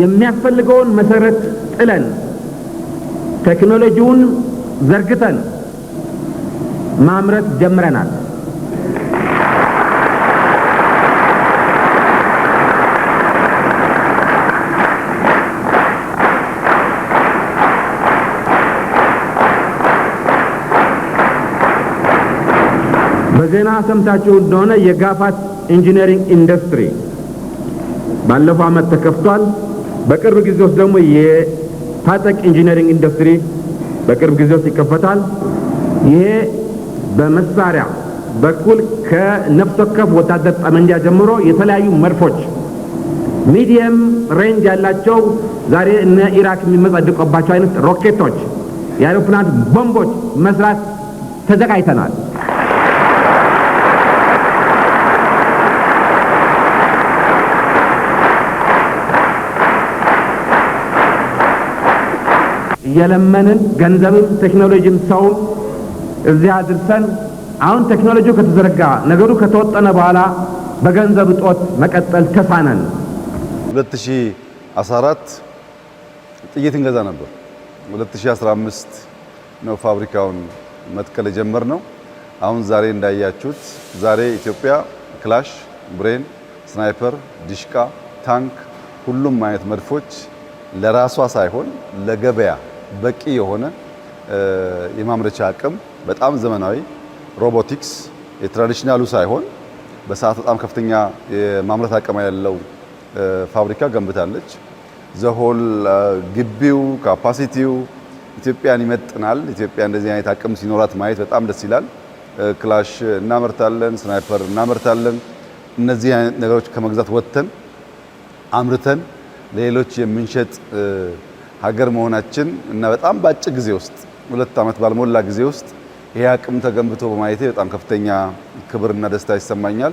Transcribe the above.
የሚያስፈልገውን መሰረት ጥለን ቴክኖሎጂውን ዘርግተን ማምረት ጀምረናል። በዜና ሰምታችሁ እንደሆነ የጋፋት ኢንጂነሪንግ ኢንዱስትሪ ባለፈው ዓመት ተከፍቷል። በቅርብ ጊዜ ውስጥ ደግሞ የታጠቅ ኢንጂነሪንግ ኢንዱስትሪ በቅርብ ጊዜ ውስጥ ይከፈታል። ይሄ በመሳሪያ በኩል ከነፍስ ወከፍ ወታደር ጠመንጃ ጀምሮ የተለያዩ መድፎች ሚዲየም ሬንጅ ያላቸው ዛሬ እነ ኢራክ የሚመጸድቆባቸው አይነት ሮኬቶች፣ የአይሮፕላን ቦምቦች መስራት ተዘጋጅተናል። እየለመንን ገንዘብም ቴክኖሎጂም ሰውም እዚያ አድርሰን አሁን ቴክኖሎጂ ከተዘረጋ ነገሩ ከተወጠነ በኋላ በገንዘብ እጦት መቀጠል ተሳነን። 2014 ጥይት እንገዛ ነበር። 2015 ነው ፋብሪካውን መትከል የጀመር ነው። አሁን ዛሬ እንዳያችሁት ዛሬ ኢትዮጵያ ክላሽ፣ ብሬን፣ ስናይፐር፣ ዲሽቃ፣ ታንክ ሁሉም አይነት መድፎች ለራሷ ሳይሆን ለገበያ በቂ የሆነ የማምረቻ አቅም በጣም ዘመናዊ ሮቦቲክስ የትራዲሽናሉ ሳይሆን በሰዓት በጣም ከፍተኛ የማምረት አቅም ያለው ፋብሪካ ገንብታለች። ዘሆል ግቢው ካፓሲቲው ኢትዮጵያን ይመጥናል። ኢትዮጵያ እንደዚህ አይነት አቅም ሲኖራት ማየት በጣም ደስ ይላል። ክላሽ እናመርታለን፣ ስናይፐር እናመርታለን። እነዚህ አይነት ነገሮች ከመግዛት ወጥተን አምርተን ለሌሎች የምንሸጥ ሀገር መሆናችን እና በጣም በአጭር ጊዜ ውስጥ ሁለት ዓመት ባልሞላ ጊዜ ውስጥ ይሄ አቅም ተገንብቶ በማየቴ በጣም ከፍተኛ ክብርና ደስታ ይሰማኛል።